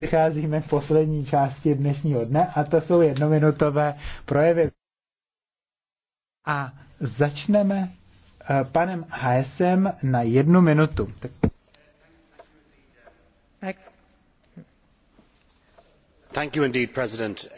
Přicházíme k poslední části dnešního dne a to jsou jednominutové projevy. A začneme eh, panem HSM na jednu minutu. Tak. Thank you indeed, President.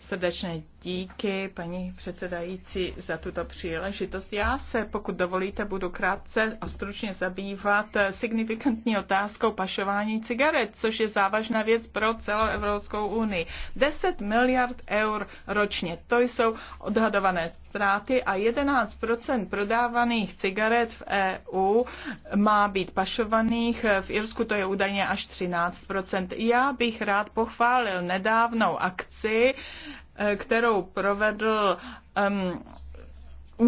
Srdečně díky paní předsedající za tuto příležitost. Já se, pokud dovolíte, budu krátce a stručně zabývat signifikantní otázkou pašování cigaret, což je závažná věc pro celou Evropskou unii. 10 miliard eur ročně, to jsou odhadované ztráty a 11 prodávaných cigaret v EU má být pašovaných. V Irsku to je údajně až 13 Já bych rád pochválil nedávnou akci, Eh, kterou provedl um,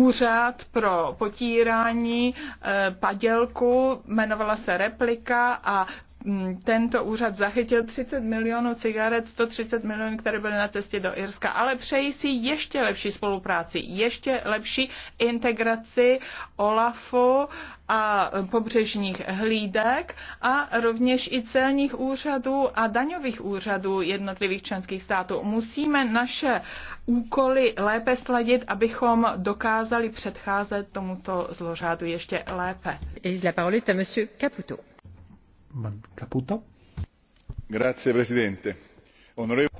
úřad pro potírání e, padělku, jmenovala se Replika a Mm, tento úřad zachytil 30 milionů cigaret, 130 milionů, které byly na cestě do Irska, ale přeji si ještě lepší spolupráci, ještě lepší integraci OLAFu a pobřežních hlídek a rovněž i celních úřadů a daňových úřadů jednotlivých členských států. Musíme naše úkoly lépe sladit, abychom dokázali předcházet tomuto zlořádu ještě lépe. Et la parole est à monsieur Caputo. Grazie, presidente.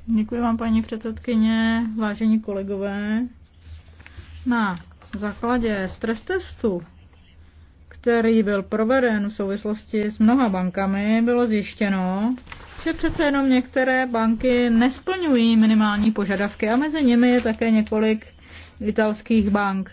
Děkuji vám, paní předsedkyně, vážení kolegové. Na základě stres testu, který byl proveden v souvislosti s mnoha bankami, bylo zjištěno, že přece jenom některé banky nesplňují minimální požadavky a mezi nimi je také několik italských bank.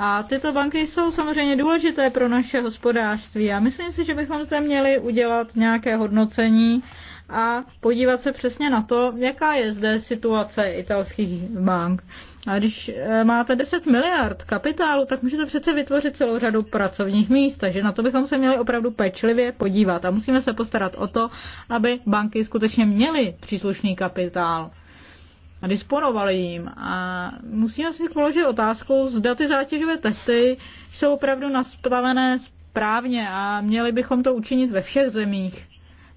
A tyto banky jsou samozřejmě důležité pro naše hospodářství a myslím si, že bychom zde měli udělat nějaké hodnocení a podívat se přesně na to, jaká je zde situace italských bank. A když e, máte 10 miliard kapitálu, tak můžete přece vytvořit celou řadu pracovních míst, takže na to bychom se měli opravdu pečlivě podívat a musíme se postarat o to, aby banky skutečně měly příslušný kapitál a disponovali jim. A musíme si položit otázku zda ty zátěžové testy jsou opravdu nastavené správně a měli bychom to učinit ve všech zemích,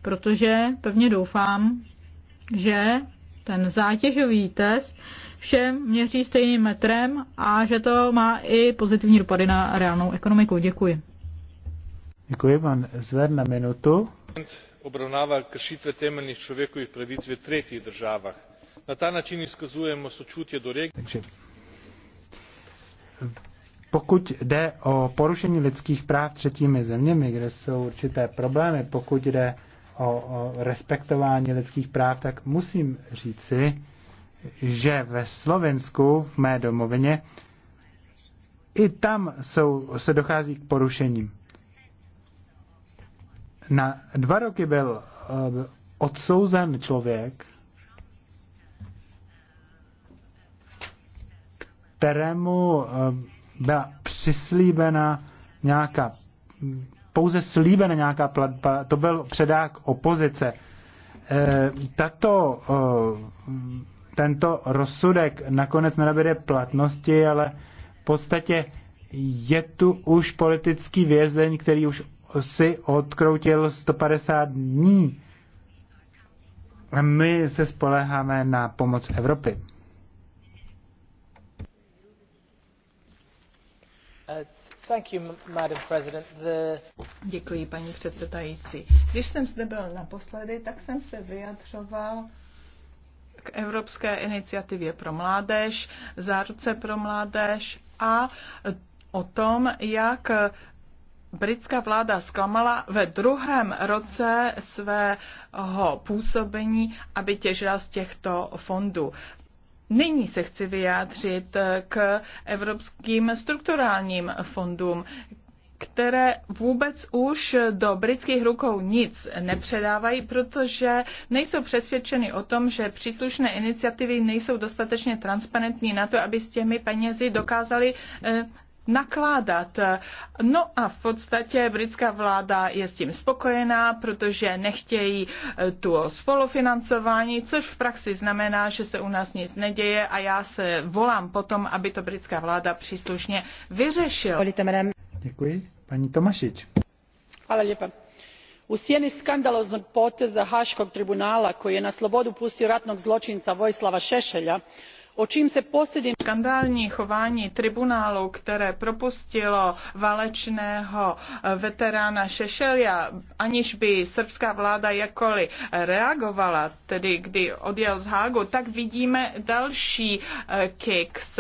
protože pevně doufám, že ten zátěžový test všem měří stejným metrem a že to má i pozitivní dopady na reálnou ekonomiku. Děkuji. Děkuji, vám. Zver na minutu. Obravnava kršitve temelných člověků pravic v třetích državách na ta način izkazujemo sočutje do regije. Pokud jde o porušení lidských práv třetími zeměmi, kde jsou určité problémy, pokud jde o, o respektování lidských práv, tak musím říci, že ve Slovensku, v mé domovině, i tam jsou, se dochází k porušením. Na dva roky byl eh, odsouzen člověk, kterému eh, byla přislíbena nějaká, pouze slíbena nějaká platba, to byl předák opozice. Eh, tato, eh, tento rozsudek nakonec nenabíde platnosti, ale v podstatě je tu už politický vězeň, který už si odkroutil 150 dní. A my se spoleháme na pomoc Evropy. Děkuji, paní předsedající. Když jsem zde byl naposledy, tak jsem se vyjadřoval k Evropské iniciativě pro mládež, záruce pro mládež a o tom, jak britská vláda zklamala ve druhém roce svého působení, aby těžila z těchto fondů. Nyní se chci vyjádřit k evropským strukturálním fondům, které vůbec už do britských rukou nic nepředávají, protože nejsou přesvědčeny o tom, že příslušné iniciativy nejsou dostatečně transparentní na to, aby s těmi penězi dokázali eh, nakládat. No a v podstatě britská vláda je s tím spokojená, protože nechtějí eh, tu spolufinancování, což v praxi znamená, že se u nás nic neděje a já se volám potom, aby to britská vláda příslušně vyřešila. Děkuji. Paní Tomašič. Hvala lepa. U sjeni skandaloznog poteza Haškog tribunala koji je na slobodu pustio ratnog zločinca Vojislava Šešelja, o čím se posljednjim... Skandální chování tribunálu, které propustilo válečného eh, veterána Šešelja, aniž by srbská vláda jakkoliv eh, reagovala, tedy kdy odjel z Hágu, tak vidíme další eh, kiks.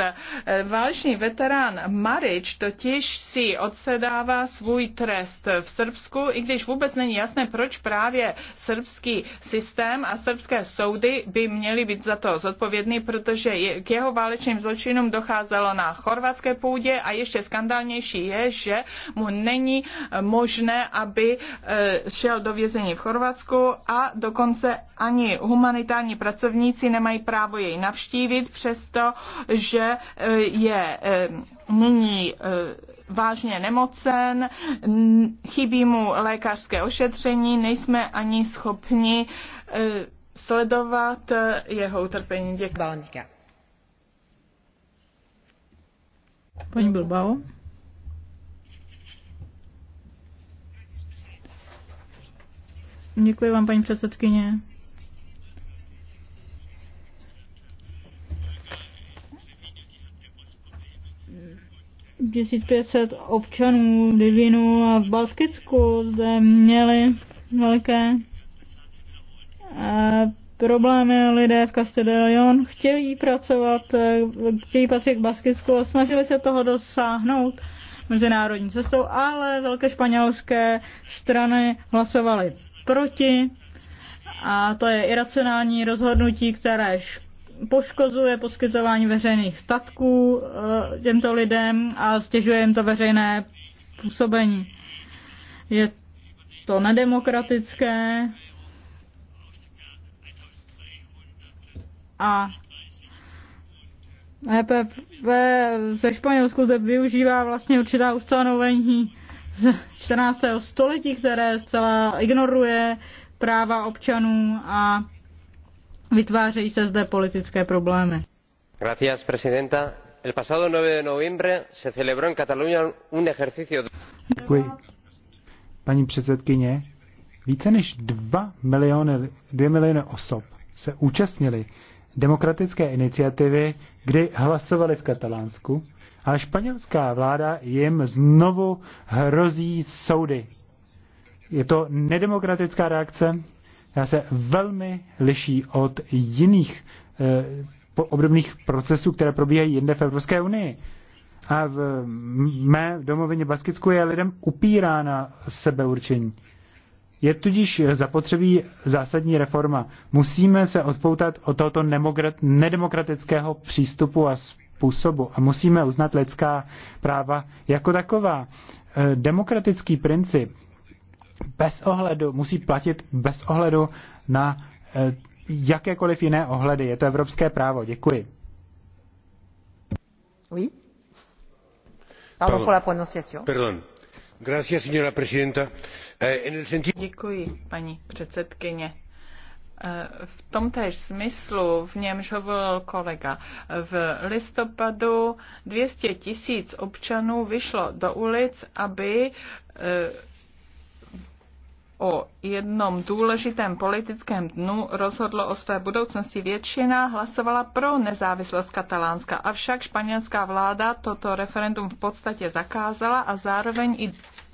Válečný veterán Marič totiž si odsedává svůj trest v Srbsku, i když vůbec není jasné, proč právě srbský systém a srbské soudy by měly být za to zodpovědný, protože je k jeho válečným zločinům docházelo na chorvatské půdě a ještě skandálnější je, že mu není eh, možné, aby eh, šel do vězení v Chorvatsku a dokonce ani humanitární pracovníci nemají právo jej navštívit, přesto, že eh, je nyní vážně nemocen, chybí mu lékařské ošetření, nejsme ani schopni sledovat jeho utrpení. Děkuji. Paní Bilbao. Děkuji vám, paní předsedkyně. pětset občanů Divinu a v Baskicku zde měli velké problémy. Lidé v Castellón chtějí pracovat, eh, chtějí patřit k Baskicku a snažili se toho dosáhnout mezinárodní cestou, ale velké španělské strany hlasovaly proti a to je iracionální rozhodnutí, které poškozuje poskytování veřejných statků eh, těmto lidem a stěžuje jim to veřejné působení. Je to nedemokratické, a EPP ve Španělsku zde využívá vlastně určitá ustanovení z 14. století, které zcela ignoruje práva občanů a vytvářejí se zde politické problémy. Gracias, presidenta. El pasado 9 de noviembre se celebró en Cataluña un ejercicio... Děkuji. Paní předsedkyně, více než 2 miliony, 2 miliony osob se účastnili demokratické iniciativy, kdy hlasovali v Katalánsku, ale španělská vláda jim znovu hrozí soudy. Je to nedemokratická reakce, která se velmi liší od jiných eh, obdobných procesů, které probíhají jinde v Evropské unii. A v mé domovině Baskicku je lidem upírána sebeurčení. Je tudíž zapotřebí zásadní reforma. Musíme se odpoutat od tohoto nedemokratického přístupu a způsobu a musíme uznat lidská práva jako taková. E, demokratický princip bez ohledu, musí platit bez ohledu na e, jakékoliv jiné ohledy. Je to evropské právo. Děkuji. Oui. Pardon, Pardon. pour la prononciation. Pardon Eh, Děkuji, paní předsedkyně. Eh, v tomtéž smyslu, v němž hovoril kolega, v listopadu 200 tisíc občanů vyšlo do ulic, aby eh, o jednom důležitém politickém dnu rozhodlo o své budoucnosti. Většina hlasovala pro nezávislost Katalánska, avšak španělská vláda toto referendum v podstatě zakázala a zároveň i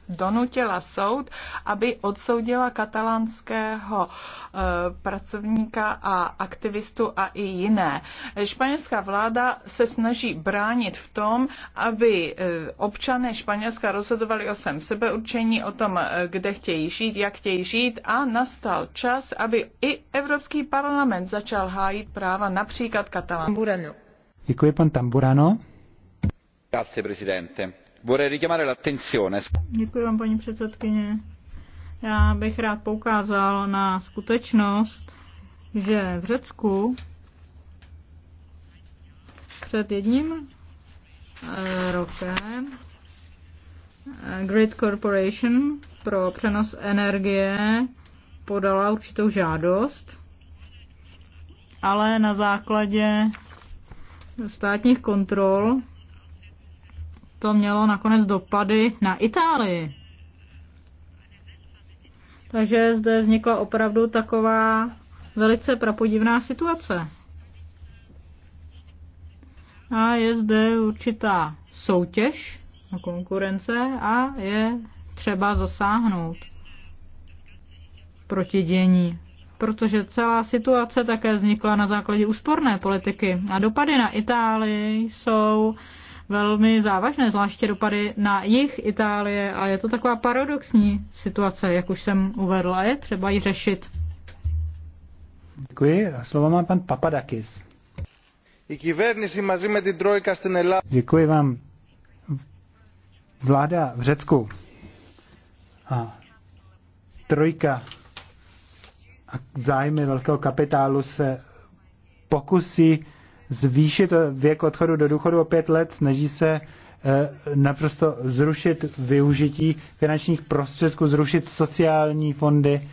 donutila soud, aby odsoudila katalánského eh, pracovníka a aktivistu a i jiné. Španělská vláda se snaží bránit v tom, aby eh, občané Španělska rozhodovali o svém sebeurčení, o tom, eh, kde chtějí žít, jak chtějí žít a nastal čas, aby i Evropský parlament začal hájit práva například katalánů. Děkuji, pan Tamburano. Grazie, presidente Vorrei richiamare l'attenzione. Děkuji vám, paní předsedkyně. Já bych rád poukázal na skutečnost, že v Řecku před jedním eh, rokem eh, Grid Corporation pro přenos energie podala určitou žádost, ale na základě státních kontrol to mělo nakonec dopady na Itálii. Takže zde vznikla opravdu taková velice prapodivná situace. A je zde určitá soutěž, konkurence a je třeba zasáhnout proti dění. Protože celá situace také vznikla na základě úsporné politiky a dopady na Itálii jsou velmi závažné, zvláště dopady na jich Itálie a je to taková paradoxní situace, jak už jsem uvedl, a je třeba ji řešit. Děkuji. A slovo má pan Papadakis. Děkuji vám. Vláda v Řecku a trojka a zájmy velkého kapitálu se pokusí zvýšit věk odchodu do důchodu o pět let, snaží se eh, naprosto zrušit využití finančních prostředků, zrušit sociální fondy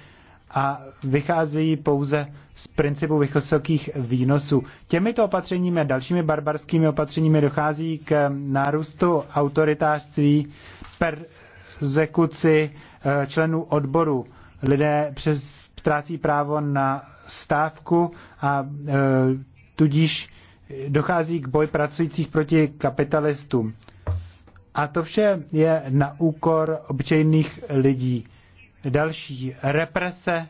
a vycházejí pouze z principu vysokých výnosů. Těmito opatřeními a dalšími barbarskými opatřeními dochází k eh, nárůstu autoritářství, persekuci eh, členů odboru. Lidé přes ztrácí právo na stávku a e, tudíž dochází k boji pracujících proti kapitalistům. A to vše je na úkor obyčejných lidí. Další represe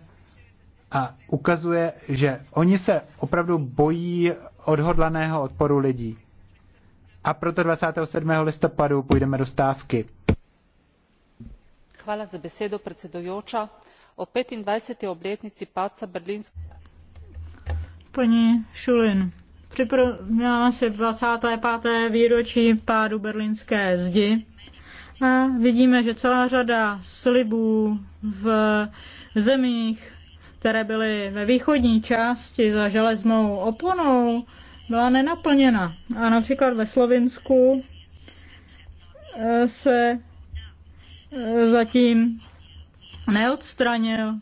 a ukazuje, že oni se opravdu bojí odhodlaného odporu lidí. A proto 27. listopadu půjdeme do stávky. Hvala za besedo, predsedujoča. O 25. obletnici paca berlínského... Paní Šulin, Připomíná se 25. výročí pádu berlínské zdi. A vidíme, že celá řada slibů v zemích, které byly ve východní části za železnou oponou, byla nenaplněna. A například ve Slovinsku eh, se eh, zatím neodstranil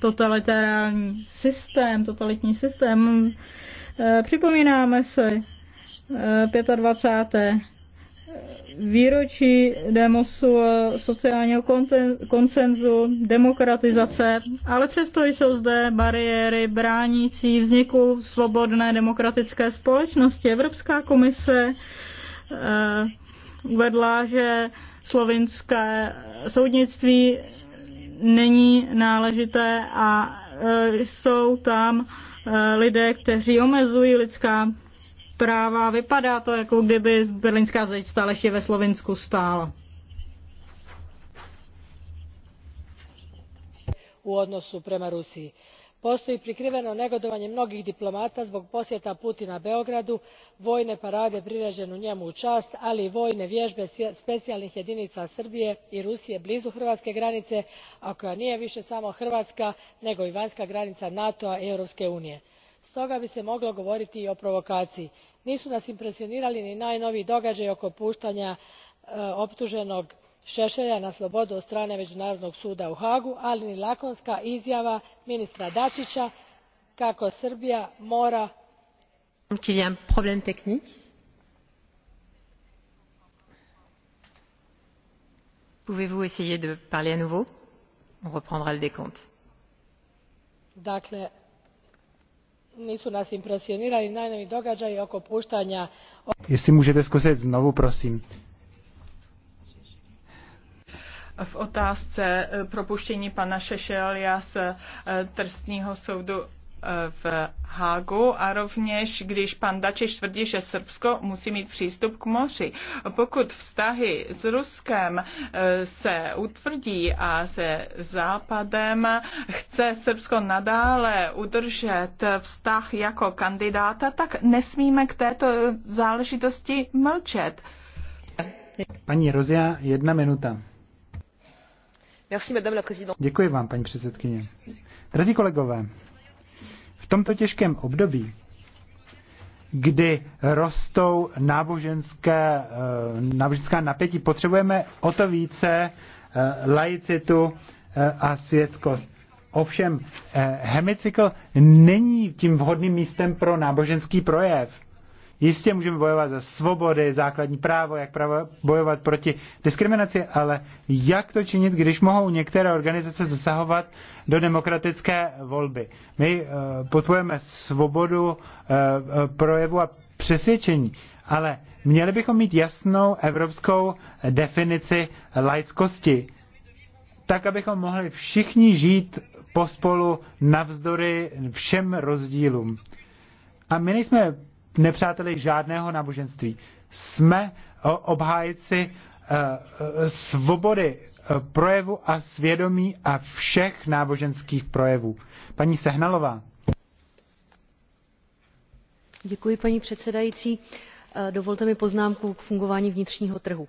totalitární systém, totalitní systém. Eh, připomínáme si 25. Eh, výročí demosu eh, sociálního koncenzu, demokratizace, ale přesto jsou zde bariéry bránící vzniku svobodné demokratické společnosti. Evropská komise uvedla, že slovinské soudnictví není náležité a jsou tam Eh, lidé, kteří omezují lidská práva. Vypadá to, jako kdyby berlínská zeď stále ještě ve Slovensku stála. U odnosu prema Rusii postoji prikriveno negodovanje mnogih diplomata zbog posjeta putina beogradu vojne parade priređene njemu u čast ali i vojne vježbe specijalnih jedinica srbije i rusije blizu hrvatske granice a koja nije više samo hrvatska nego i vanjska granica nato a i europske unije. stoga bi se moglo govoriti i o provokaciji. nisu nas impresionirali ni najnoviji događaji oko puštanja e, optuženog šešelja na slobodu od strane međunarodnog suda u haagu ali ni lakonska izjava ministra dačića kako srbija mora dakle nisu nas impresionirali najnoviji događaji oko puštanja v otázce eh, propuštění pana Šešelia z eh, trstního soudu eh, v Hágu a rovněž, když pan Dačiš tvrdí, že Srbsko musí mít přístup k moři. Pokud vztahy s Ruskem se utvrdí a se Západem chce Srbsko nadále udržet vztah jako kandidáta, tak nesmíme k této záležitosti mlčet. Paní Rozia, jedna minuta. Děkuji vám, paní předsedkyně. Drazí kolegové, v tomto těžkém období, kdy rostou náboženské, eh, náboženská napětí, potřebujeme o to více eh, laicitu eh, a světskost. Ovšem, hemicykl není tím vhodným místem pro náboženský projev Jistě můžeme bojovat za svobody, základní právo, jak právo bojovat proti diskriminaci, ale jak to činit, když mohou některé organizace zasahovat do demokratické volby? My eh, podporujeme svobodu eh, eh, projevu a přesvědčení, ale měli bychom mít jasnou evropskou definici laickosti, tak abychom mohli všichni žít pospolu navzdory všem rozdílům. A my nejsme nepřáteli žádného náboženství. Jsme eh, obhájci eh, eh, svobody projevu a svědomí a všech náboženských projevů. Paní Sehnalová. Děkuji, paní předsedající. Dovolte mi poznámku k fungování vnitřního trhu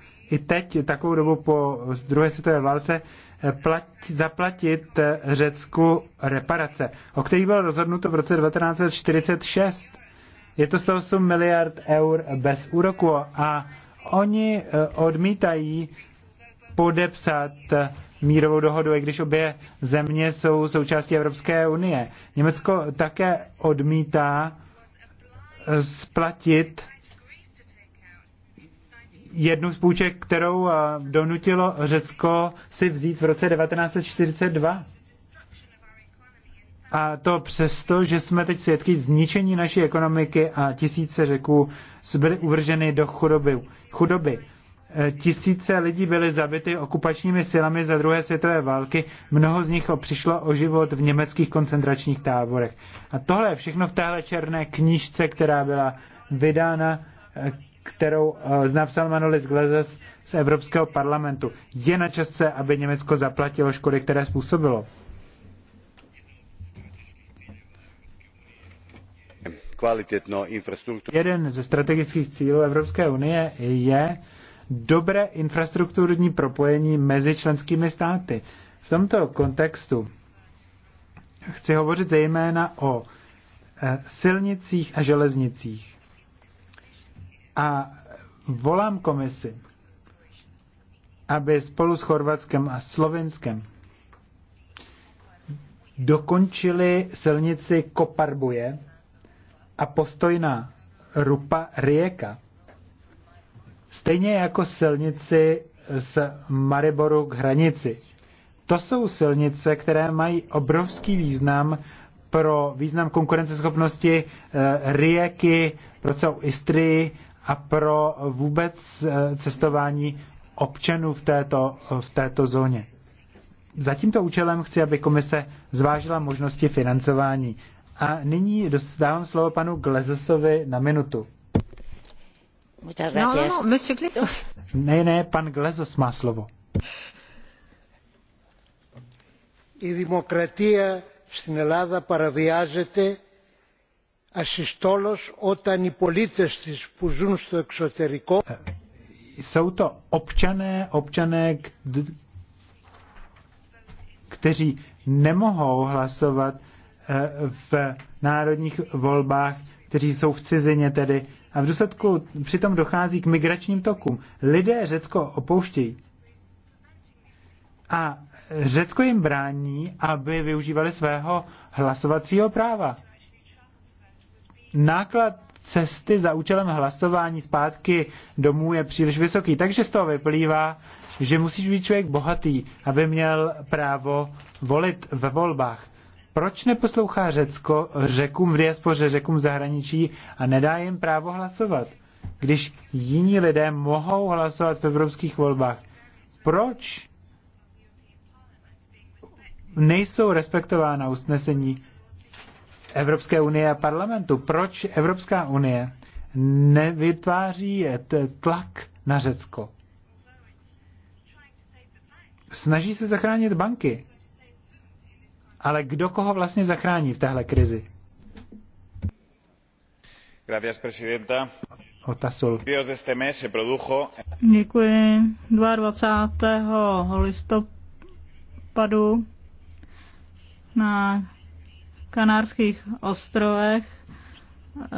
i teď, takovou dobu po druhé světové válce, plat, zaplatit eh, Řecku reparace, o kterých bylo rozhodnuto v roce 1946. Je to 108 miliard eur bez úroku a oni eh, odmítají podepsat eh, mírovou dohodu, i když obě země jsou součástí Evropské unie. Německo také odmítá splatit jednu z půjček, kterou eh, donutilo Řecko si vzít v roce 1942. A to přesto, že jsme teď svědky zničení naší ekonomiky a tisíce řeků byly uvrženy do chudoby. chudoby. Eh, tisíce lidí byly zabity okupačními silami za druhé světové války, mnoho z nich přišlo o život v německých koncentračních táborech. A tohle je všechno v téhle černé knížce, která byla vydána eh, kterou eh, napsal Manolis Glezes z Evropského parlamentu. Je na čase, aby Německo zaplatilo škody, které způsobilo. Jeden ze strategických cílů Evropské unie je dobré infrastrukturní propojení mezi členskými státy. V tomto kontextu chci hovořit zejména o eh, silnicích a železnicích. A volám komisi, aby spolu s Chorvatskem a Slovenskem dokončili silnici Koparbuje a postojná Rupa Rijeka. Stejně jako silnici z Mariboru k hranici. To jsou silnice, které mají obrovský význam pro význam konkurenceschopnosti eh, Rijeky, pro celou Istrii a pro vůbec eh, cestování občanů v této, v této zóně. Za tímto účelem chci, aby komise zvážila možnosti financování. A nyní dostávám slovo panu Glezesovi na minutu. No, no, no Ne, ne, pan Glezos má slovo. I demokratie, στην Ελλάδα παραβιάζεται jsou to občané, občané, kteří nemohou hlasovat e, v národních volbách, kteří jsou v cizině tedy. A v důsledku přitom dochází k migračním tokům. Lidé Řecko opouštějí. A Řecko jim brání, aby využívali svého hlasovacího práva náklad cesty za účelem hlasování zpátky domů je příliš vysoký. Takže z toho vyplývá, že musíš být člověk bohatý, aby měl právo volit ve volbách. Proč neposlouchá Řecko řekům v diaspoře, řekům v zahraničí a nedá jim právo hlasovat, když jiní lidé mohou hlasovat v evropských volbách? Proč nejsou respektována usnesení Evropské unie a parlamentu. Proč Evropská unie nevytváří tlak na Řecko? Snaží se zachránit banky. Ale kdo koho vlastně zachrání v téhle krizi? Gracias, presidenta. Děkuji. 22. listopadu na Kanárských ostrovech eh,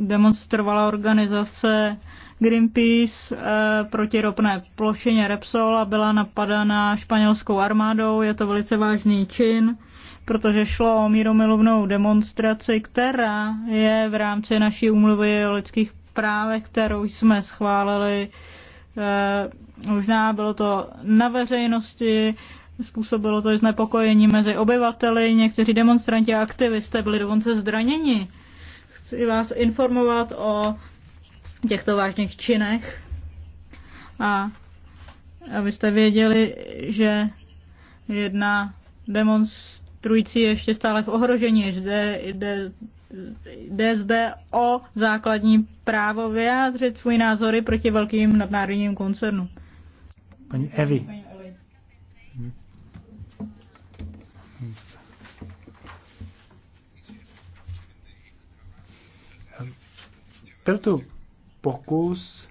demonstrovala organizace Greenpeace eh, proti ropné plošině Repsol a byla napadána španělskou armádou. Je to velice vážný čin, protože šlo o míromilovnou demonstraci, která je v rámci naší úmluvy o lidských právech, kterou jsme schválili. Eh, možná bylo to na veřejnosti, Způsobilo to znepokojení mezi obyvateli, někteří demonstranti a aktivisté byli dokonce zdraněni. Chci vás informovat o těchto vážných činech a abyste věděli, že jedna demonstrující je ještě stále v ohrožení, že jde, jde, jde zde o základní právo vyjádřit svůj názory proti velkým nadnárodním koncernům. Paní Evi. Byl tu pokus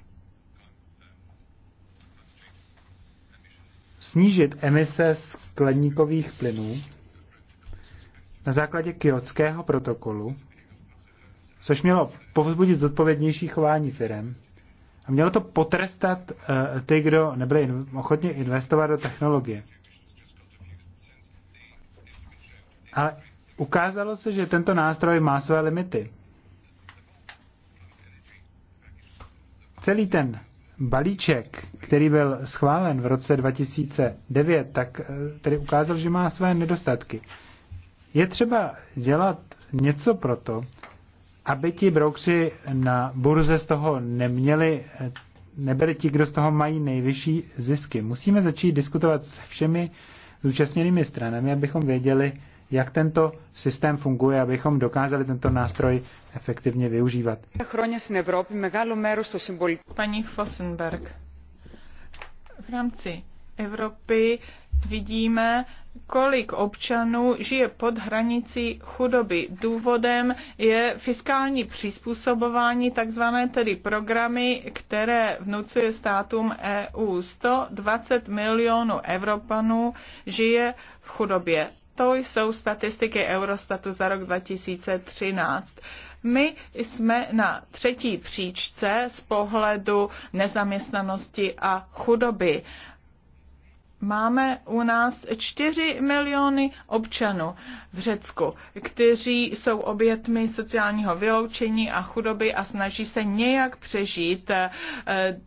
snížit emise skleníkových plynů na základě kyotského protokolu, což mělo povzbudit zodpovědnější chování firem a mělo to potrestat uh, ty, kdo nebyli in- ochotně investovat do technologie. Ale ukázalo se, že tento nástroj má své limity. celý ten balíček, který byl schválen v roce 2009, tak eh, tedy ukázal, že má své nedostatky. Je třeba dělat něco pro to, aby ti broukři na burze z toho neměli, eh, nebyli ti, kdo z toho mají nejvyšší zisky. Musíme začít diskutovat s všemi zúčastněnými stranami, abychom věděli, jak tento systém funguje, abychom dokázali tento nástroj efektivně využívat. Paní Fossenberg, v rámci Evropy vidíme, kolik občanů žije pod hranicí chudoby. Důvodem je fiskální přizpůsobování, takzvané tedy programy, které vnucuje státům EU. 120 milionů Evropanů žije v chudobě. To jsou statistiky Eurostatu za rok 2013. My jsme na třetí příčce z pohledu nezaměstnanosti a chudoby máme u nás 4 miliony občanů v Řecku, kteří jsou obětmi sociálního vyloučení a chudoby a snaží se nějak přežít.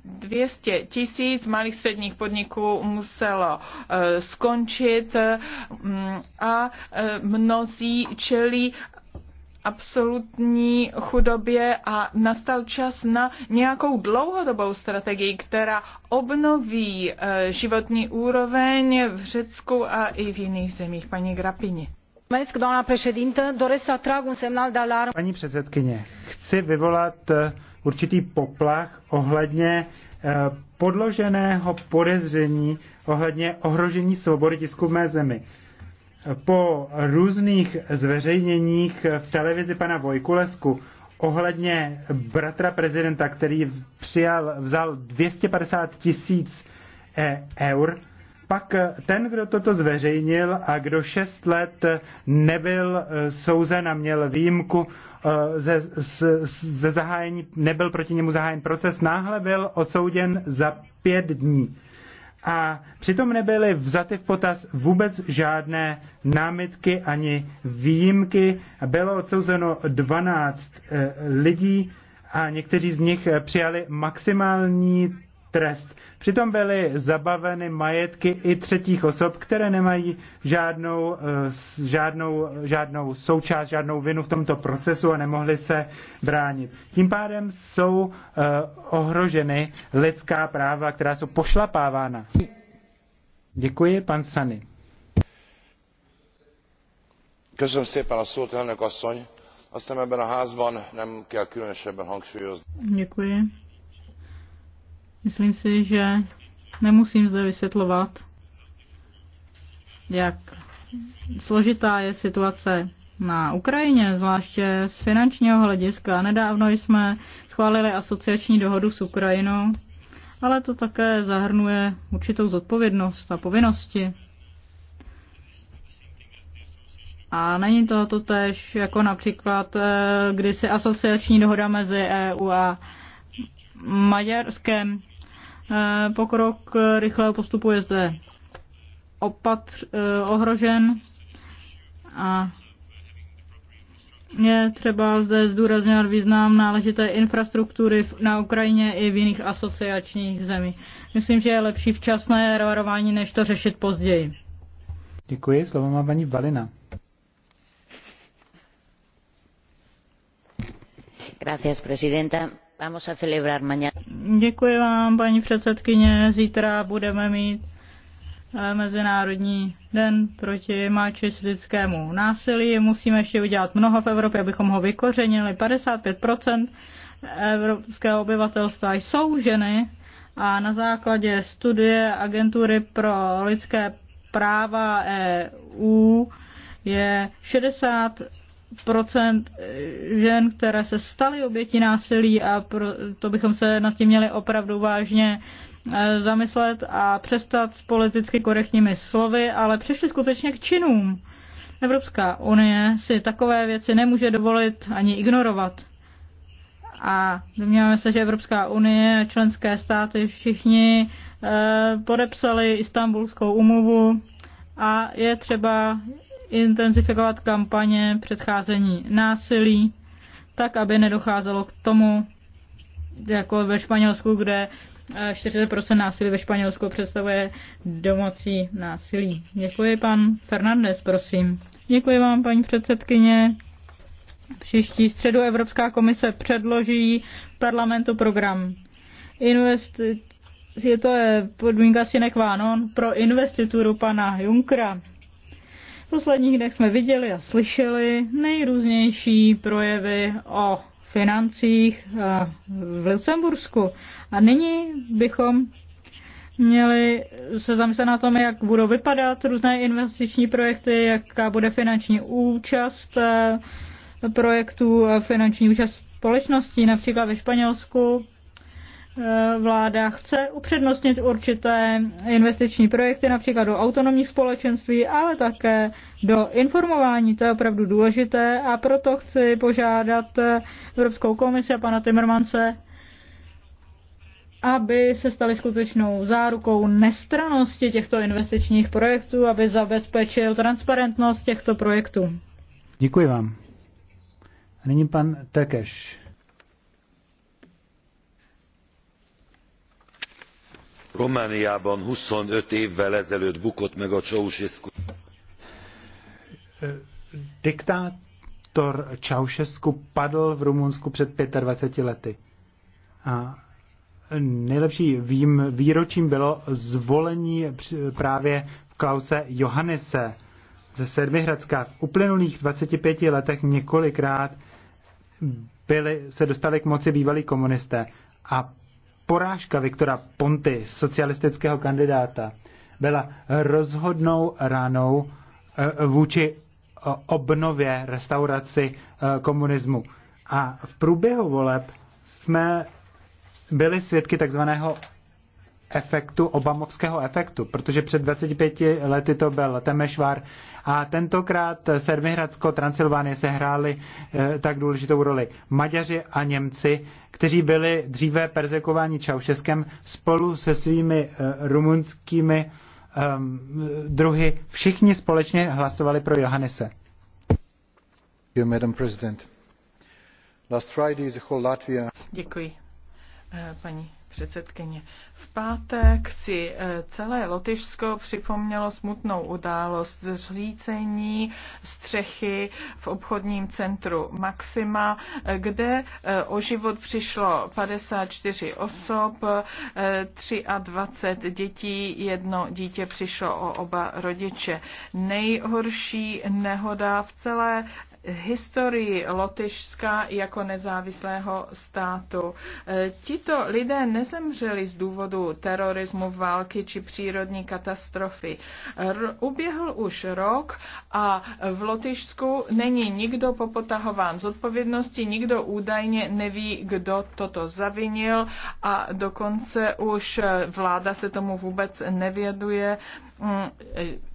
200 eh, tisíc malých středních podniků muselo eh, skončit mm, a eh, mnozí čelí absolutní chudobě a nastal čas na nějakou dlouhodobou strategii, která obnoví eh, životní úroveň v Řecku a i v jiných zemích. Paní Grapini. Paní předsedkyně, chci vyvolat eh, určitý poplach ohledně eh, podloženého podezření ohledně ohrožení svobody tisku v mé zemi po různých zveřejněních v televizi pana Vojkulesku ohledně bratra prezidenta, který přijal, vzal 250 tisíc eh, eur, pak ten, kdo toto zveřejnil a kdo šest let nebyl eh, souzen a měl výjimku eh, ze, ze zahájení, nebyl proti němu zahájen proces, náhle byl odsouděn za pět dní a přitom nebyly vzaty v potaz vůbec žádné námitky ani výjimky. Bylo odsouzeno 12 eh, lidí a někteří z nich eh, přijali maximální trest. Přitom byly zabaveny majetky i třetích osob, které nemají žádnou, eh, žádnou, žádnou součást, žádnou vinu v tomto procesu a nemohly se bránit. Tím pádem jsou eh, ohroženy lidská práva, která jsou pošlapávána. Děkuji, pan Sany. Köszönöm szépen a szót, elnök asszony. Azt hiszem ebben a házban nem kell különösebben hangsúlyozni. Děkuji Myslím si, že nemusím zde vysvětlovat, jak složitá je situace na Ukrajině, zvláště z finančního hlediska. Nedávno jsme schválili asociační dohodu s Ukrajinou, ale to také zahrnuje určitou zodpovědnost a povinnosti. A není to to tež jako například eh, kdysi asociační dohoda mezi EU a Maďarskem Eh, pokrok eh, rychlého postupu je zde opatř, eh, ohrožen a je třeba zde zdůrazňovat význam náležité infrastruktury na Ukrajině i v jiných asociačních zemích. Myslím, že je lepší včasné revarování, než to řešit později. Děkuji, slovo má paní Valina. Gracias, presidenta. Vamos a celebrar mañana. Děkuji vám, paní předsedkyně. Zítra budeme mít eh, Mezinárodní den proti mačistickému násilí. Musíme ještě udělat mnoho v Evropě, abychom ho vykořenili. 55% evropského obyvatelstva jsou ženy a na základě studie Agentury pro lidské práva EU je 60 procent eh, žen, které se staly oběti násilí a pro, to bychom se nad tím měli opravdu vážně eh, zamyslet a přestat s politicky korektními slovy, ale přišli skutečně k činům. Evropská unie si takové věci nemůže dovolit ani ignorovat. A domníváme se, že Evropská unie a členské státy všichni eh, podepsali Istanbulskou umluvu a je třeba intenzifikovat kampaně předcházení násilí, tak aby nedocházelo k tomu, jako ve Španělsku, kde 40% eh, násilí ve Španělsku představuje domocí násilí. Děkuji pan Fernandez, prosím. Děkuji vám, paní předsedkyně. Příští středu Evropská komise předloží parlamentu program. Invest... Je to eh, podmínka sine qua non pro investituru pana Junkra. V posledních dnech jsme viděli a slyšeli nejrůznější projevy o financích eh, v Lucembursku. A nyní bychom měli se zamyslet na tom, jak budou vypadat různé investiční projekty, jaká bude finanční účast eh, projektů, finanční účast společností. Například ve Španělsku Eh, vláda chce upřednostnit určité investiční projekty, například do autonomních společenství, ale také do informování. To je opravdu důležité a proto chci požádat eh, Evropskou komisi a pana Timmermance, aby se staly skutečnou zárukou nestranosti těchto investičních projektů, aby zabezpečil transparentnost těchto projektů. Děkuji vám. A nyní pan Tekeš. romániában twenty five évvel ezelőtt bukott meg a ceausescu diktátor Ceausescu padl v Rumunsku před 25 lety. A nejlepší vím, výročím bylo zvolení právě v Klause Johannese ze Servihradska. V uplynulých 25 letech několikrát byli, se dostali k moci bývalí komunisté a porážka Viktora Ponty, socialistického kandidáta, byla rozhodnou ranou eh, vůči eh, obnově, restauraci eh, komunismu. A v průběhu voleb jsme byli svědky takzvaného efektu, obamovského efektu, protože před 25 lety to byl Temešvar a tentokrát Sedmihradsko, Transylvánie se hráli e, eh, tak důležitou roli. Maďaři a Němci, kteří byli dříve persekováni Čaušeskem spolu se svými e, rumunskými e, druhy, všichni společně hlasovali pro Johannese. Děkuji, eh, paní předsedkyně. V pátek si eh, celé Lotyšsko připomnělo smutnou událost zřícení střechy v obchodním centru Maxima, eh, kde eh, o život přišlo 54 osob, 23 dětí, jedno dítě přišlo o oba rodiče. Nejhorší nehoda v celé historii Lotyšska jako nezávislého státu. E, tito lidé nezemřeli z důvodu terorismu, války či přírodní katastrofy. R- uběhl už rok a v Lotyšsku není nikdo popotahován z odpovědnosti, nikdo údajně neví, kdo toto zavinil a dokonce už vláda se tomu vůbec nevěduje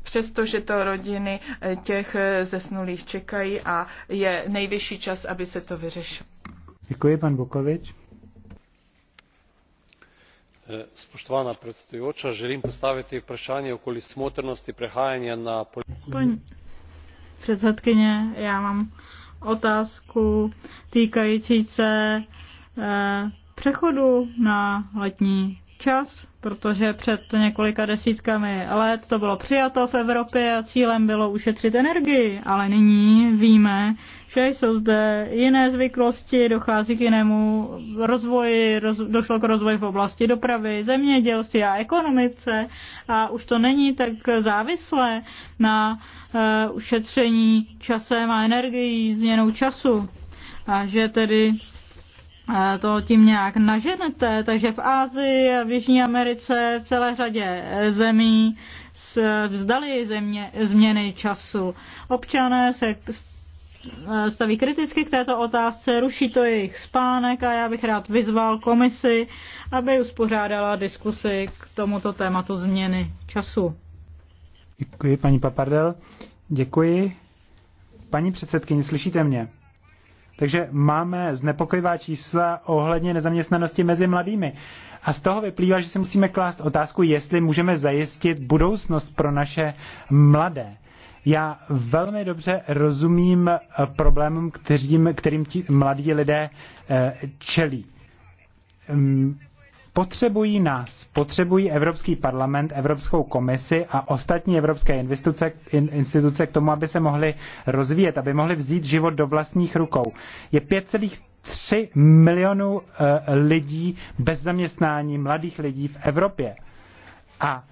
přestože to rodiny těch zesnulých čekají a je nejvyšší čas, aby se to vyřešilo. Děkuji, pan Bukovič. E, spoštovana predsedujoča, želim postaviti vprašanje okoli smotrnosti prehajanja na... Paní předsedkyně, já mám otázku týkající se eh, přechodu na letní čas, protože před několika desítkami let to bylo přijato v Evropě a cílem bylo ušetřit energii, ale nyní víme, že jsou zde jiné zvyklosti, dochází k jinému rozvoji, roz, došlo k rozvoji v oblasti dopravy, zemědělství a ekonomice a už to není tak závislé na uh, ušetření časem a energií, změnou času. A že tedy Eh, to tím nějak naženete. Takže v Ázii, v Jižní Americe, v celé řadě eh, zemí vzdali země, změny času. Občané se eh, staví kriticky k této otázce, ruší to jejich spánek a já bych rád vyzval komisi, aby uspořádala diskusy k tomuto tématu změny času. Děkuji, paní Papardel. Děkuji. Paní předsedkyně, slyšíte mě? Takže máme znepokojivá čísla ohledně nezaměstnanosti mezi mladými. A z toho vyplývá, že si musíme klást otázku, jestli můžeme zajistit budoucnost pro naše mladé. Já velmi dobře rozumím eh, problémům, kterým, kterým ti mladí lidé eh, čelí. Hm, Potřebují nás, potřebují Evropský parlament, Evropskou komisi a ostatní evropské instituce, instituce k tomu, aby se mohly rozvíjet, aby mohly vzít život do vlastních rukou. Je 5,3 milionů eh, lidí bez zaměstnání, mladých lidí v Evropě. A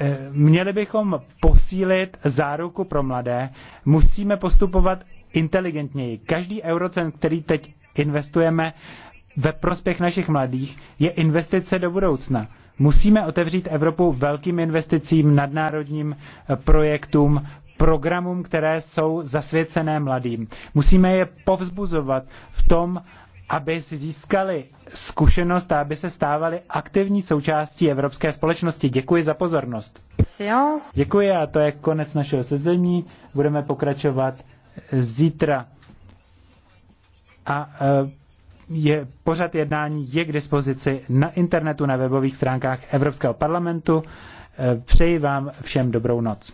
eh, měli bychom posílit záruku pro mladé, musíme postupovat inteligentněji. Každý eurocent, který teď investujeme, ve prospěch našich mladých je investice do budoucna. Musíme otevřít Evropu velkým investicím, nadnárodním eh, projektům, programům, které jsou zasvěcené mladým. Musíme je povzbuzovat v tom, aby si získali zkušenost a aby se stávali aktivní součástí evropské společnosti. Děkuji za pozornost. Děkuji a to je konec našeho sezení. Budeme pokračovat zítra. A eh, je, pořad jednání je k dispozici na internetu, na webových stránkách Evropského parlamentu. Eh, přeji vám všem dobrou noc.